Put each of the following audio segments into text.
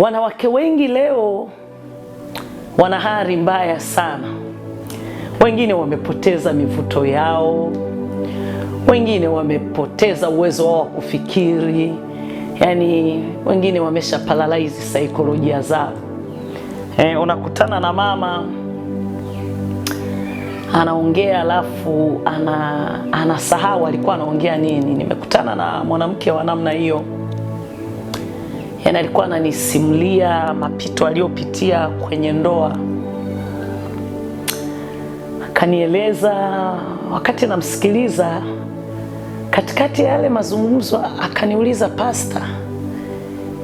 Wanawake wengi leo wana hali mbaya sana. Wengine wamepoteza mivuto yao, wengine wamepoteza uwezo wao wa kufikiri, yaani wengine wamesha paralyze saikolojia zao. E, unakutana na mama anaongea alafu ana, alikuwa anaongea nini. Nimekutana na mwanamke wa namna hiyo yani alikuwa ananisimulia mapito aliyopitia kwenye ndoa, akanieleza. Wakati namsikiliza, katikati ya yale mazungumzo, akaniuliza pasta,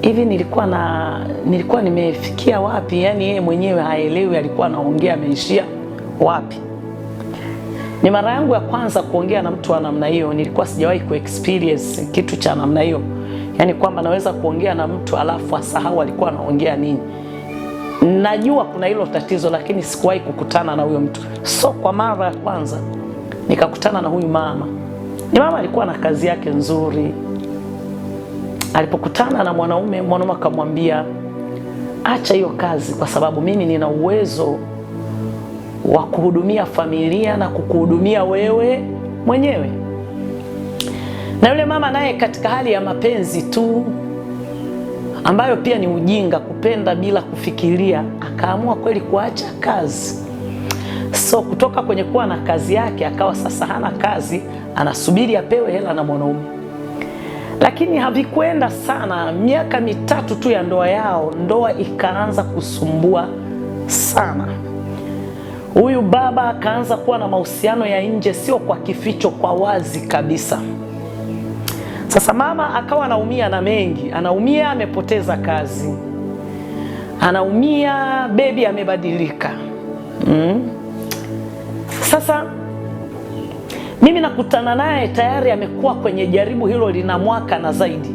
hivi nilikuwa na nilikuwa nimefikia wapi? Yani yeye mwenyewe haelewi alikuwa anaongea ameishia wapi. Ni mara yangu ya kwanza kuongea na mtu wa namna hiyo, nilikuwa sijawahi kuexperience kitu cha namna hiyo. Yaani kwamba naweza kuongea na mtu alafu asahau alikuwa anaongea nini. Najua kuna hilo tatizo, lakini sikuwahi kukutana na huyo mtu. So kwa mara ya kwanza nikakutana na huyu mama, ni mama alikuwa na kazi yake nzuri. Alipokutana na mwanaume, mwanaume akamwambia acha hiyo kazi, kwa sababu mimi nina uwezo wa kuhudumia familia na kukuhudumia wewe mwenyewe na yule mama naye katika hali ya mapenzi tu ambayo pia ni ujinga, kupenda bila kufikiria, akaamua kweli kuacha kazi. So kutoka kwenye kuwa na kazi yake akawa sasa hana kazi, anasubiri apewe hela na mwanaume. Lakini havikwenda sana, miaka mitatu tu ya ndoa yao, ndoa ikaanza kusumbua sana. Huyu baba akaanza kuwa na mahusiano ya nje, sio kwa kificho, kwa wazi kabisa. Sasa mama akawa anaumia na mengi, anaumia amepoteza kazi, anaumia bebi amebadilika. Mm. Sasa mimi nakutana naye tayari amekuwa kwenye jaribu hilo lina mwaka na zaidi.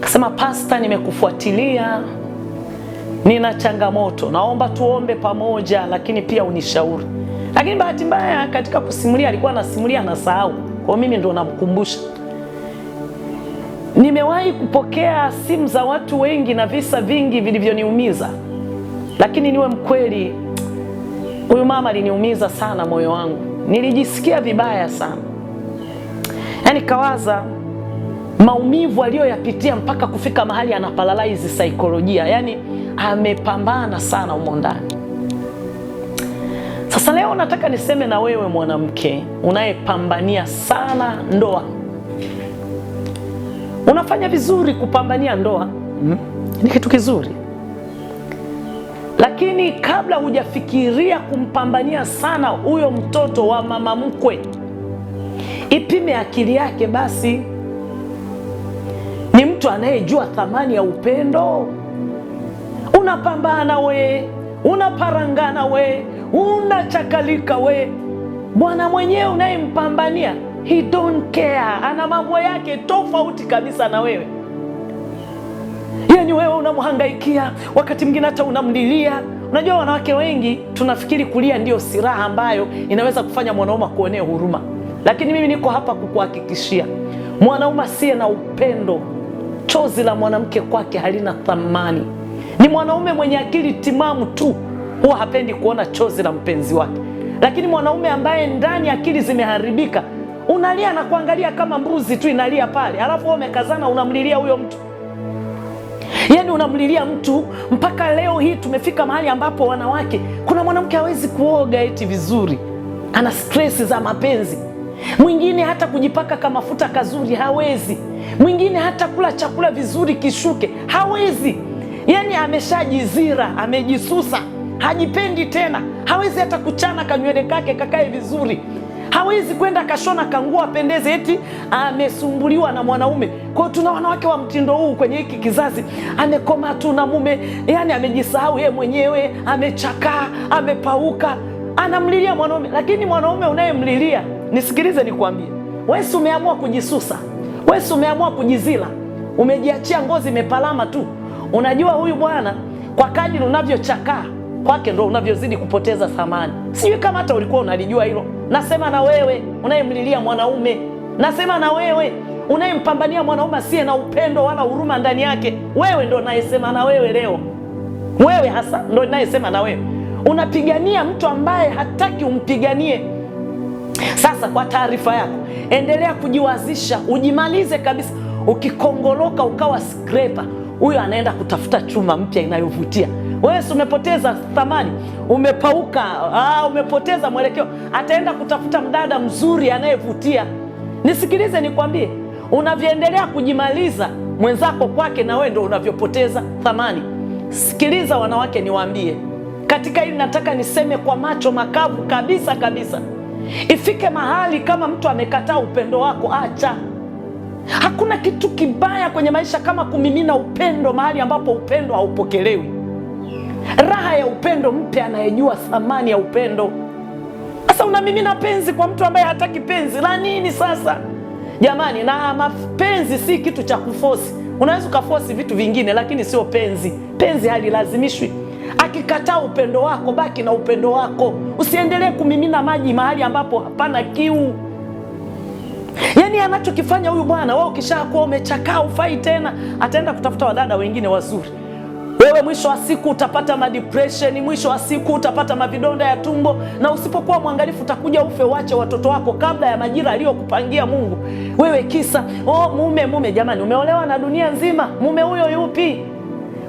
Akasema, pasta, nimekufuatilia nina changamoto, naomba tuombe pamoja, lakini pia unishauri. Lakini bahati mbaya katika kusimulia alikuwa anasimulia anasahau, kwa mimi ndo namkumbusha. Nimewahi kupokea simu za watu wengi na visa vingi vilivyoniumiza, lakini niwe mkweli, huyu mama aliniumiza sana moyo wangu. Nilijisikia vibaya sana, yaani kawaza maumivu aliyoyapitia mpaka kufika mahali anaparalaizi saikolojia, yaani amepambana sana humo ndani. Sasa leo nataka niseme na wewe mwanamke unayepambania sana ndoa Unafanya vizuri kupambania ndoa mm. Ni kitu kizuri, lakini kabla hujafikiria kumpambania sana huyo mtoto wa mama mkwe, ipime akili yake basi. Ni mtu anayejua thamani ya upendo. Unapambana we, unaparangana we, unachakalika we Bwana mwenyewe unayempambania, he don't care, ana mambo yake tofauti kabisa na wewe. Yani wewe unamhangaikia, wakati mwingine hata unamlilia. Unajua, wanawake wengi tunafikiri kulia ndiyo silaha ambayo inaweza kufanya mwanaume akuonee huruma, lakini mimi niko hapa kukuhakikishia mwanaume asiye na upendo, chozi la mwanamke kwake halina thamani. Ni mwanaume mwenye akili timamu tu huwa hapendi kuona chozi la mpenzi wake. Lakini mwanaume ambaye ndani akili zimeharibika, unalia na kuangalia kama mbuzi tu inalia pale, alafu umekazana, unamlilia huyo mtu yaani unamlilia mtu mpaka leo hii tumefika mahali ambapo wanawake, kuna mwanamke hawezi kuoga eti vizuri, ana stresi za mapenzi. Mwingine hata kujipaka kamafuta kazuri hawezi. Mwingine hata kula chakula vizuri kishuke hawezi, yaani ameshajizira, amejisusa hajipendi tena, hawezi hata kuchana kanywele kake kakae vizuri, hawezi kwenda kashona kanguo apendeze, eti amesumbuliwa na mwanaume. Kwa hiyo tuna wanawake wa mtindo huu kwenye hiki kizazi, amekoma tu na mume, yani amejisahau yeye mwenyewe, amechakaa, amepauka, anamlilia mwanaume. Lakini mwanaume unayemlilia, nisikilize nikwambie, wesi umeamua kujisusa, wesi umeamua kujizila, umejiachia ngozi imepalama tu. Unajua huyu bwana, kwa kadiri unavyochakaa kwake ndo unavyozidi kupoteza thamani. Sijui kama hata ulikuwa unalijua hilo. Nasema na wewe unayemlilia mwanaume, nasema na wewe unayempambania mwanaume asiye na upendo wala huruma ndani yake, wewe ndo nayesema na wewe leo. Wewe hasa ndo nayesema na wewe, unapigania mtu ambaye hataki umpiganie. Sasa kwa taarifa yako, endelea kujiwazisha, ujimalize kabisa. Ukikongoloka ukawa skrepa, huyo anaenda kutafuta chuma mpya inayovutia wewe umepoteza thamani, umepauka, aa, ah, umepoteza mwelekeo. Ataenda kutafuta mdada mzuri anayevutia. Nisikilize nikwambie, unavyoendelea kujimaliza mwenzako kwake, na wewe ndo unavyopoteza thamani. Sikiliza wanawake, niwaambie katika hili, nataka niseme kwa macho makavu kabisa kabisa, ifike mahali kama mtu amekataa upendo wako, acha. Hakuna kitu kibaya kwenye maisha kama kumimina upendo mahali ambapo upendo haupokelewi raha ya upendo, mpe anayejua thamani ya upendo. Sasa unamimina penzi kwa mtu ambaye hataki penzi, la nini sasa jamani? Na mapenzi si kitu cha kufosi. Unaweza ukafosi vitu vingine, lakini sio penzi. Penzi halilazimishwi. Akikataa upendo wako, baki na upendo wako, usiendelee kumimina maji mahali ambapo hapana kiu. Yaani anachokifanya huyu bwana, wewe ukishakuwa umechakaa, ufai tena, ataenda kutafuta wadada wengine wazuri. Wewe mwisho wa siku utapata madepresheni, mwisho wa siku utapata mavidonda ya tumbo, na usipokuwa mwangalifu utakuja ufe, wache watoto wako kabla ya majira aliyokupangia Mungu. Wewe kisa oh, mume mume, jamani, umeolewa na dunia nzima. Mume huyo yupi?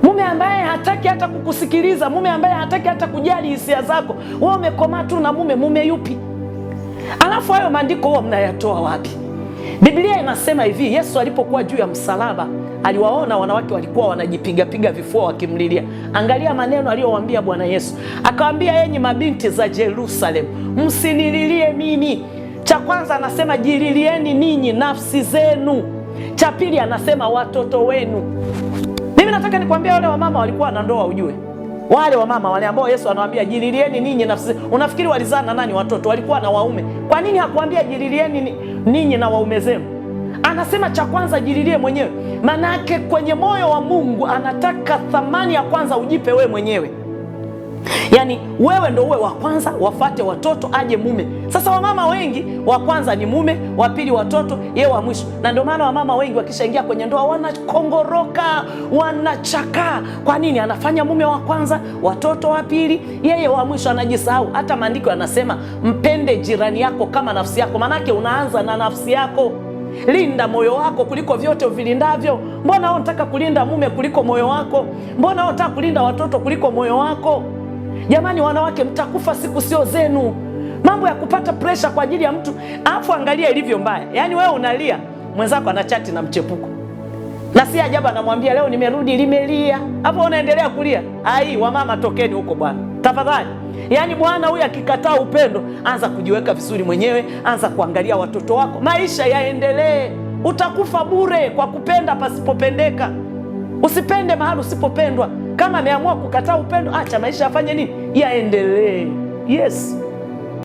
Mume ambaye hataki hata kukusikiliza, mume ambaye hataki hata kujali hisia zako. Wewe umekomaa tu na mume, mume yupi? Alafu hayo maandiko huwa mnayatoa wapi? Biblia inasema hivi, Yesu alipokuwa juu ya msalaba aliwaona wanawake walikuwa wanajipigapiga vifua wakimlilia. Angalia maneno aliyowaambia Bwana Yesu, akawaambia, enyi mabinti za Jerusalemu, msinililie mimi. Cha kwanza anasema jililieni ninyi nafsi zenu, cha pili anasema watoto wenu. Mimi nataka nikwambia wale wamama walikuwa na ndoa, ujue wale wamama wale ambao Yesu anawaambia jililieni ninyi nafsi. Unafikiri walizaa na nani watoto? Walikuwa na waume. Kwa nini hakuambia jililieni ninyi na waume zenu? Anasema cha kwanza jililie mwenyewe. Maana kwenye moyo wa Mungu anataka thamani ya kwanza ujipe we mwenyewe. Yaani wewe ndo uwe wa kwanza, wafate watoto, aje mume. Sasa wamama wengi wa kwanza ni mume, wa pili watoto, yeye wa mwisho. Na ndio maana wamama wengi wakishaingia kwenye ndoa wanakongoroka, wanachakaa. Kwa nini? Anafanya mume wa kwanza, watoto wa pili, yeye wa mwisho, anajisahau. Hata maandiko yanasema mpende jirani yako kama nafsi yako, maanake unaanza na nafsi yako. Linda moyo wako kuliko vyote uvilindavyo. Mbona unataka kulinda mume kuliko moyo wako? Mbona unataka kulinda watoto kuliko moyo wako? Jamani wanawake, mtakufa siku sio zenu. Mambo ya kupata presha kwa ajili ya mtu, alafu angalia ilivyo mbaya. Yaani wewe unalia, mwenzako ana chati na mchepuko, na si ajabu anamwambia leo nimerudi limelia, hapo unaendelea kulia. Ai, wamama tokeni huko bwana, tafadhali. Yaani bwana huyu akikataa upendo, anza kujiweka vizuri mwenyewe, anza kuangalia watoto wako, maisha yaendelee. Utakufa bure kwa kupenda pasipopendeka. Usipende mahali usipopendwa. Kama ameamua kukataa upendo, acha maisha afanye nini, yaendelee. Yes.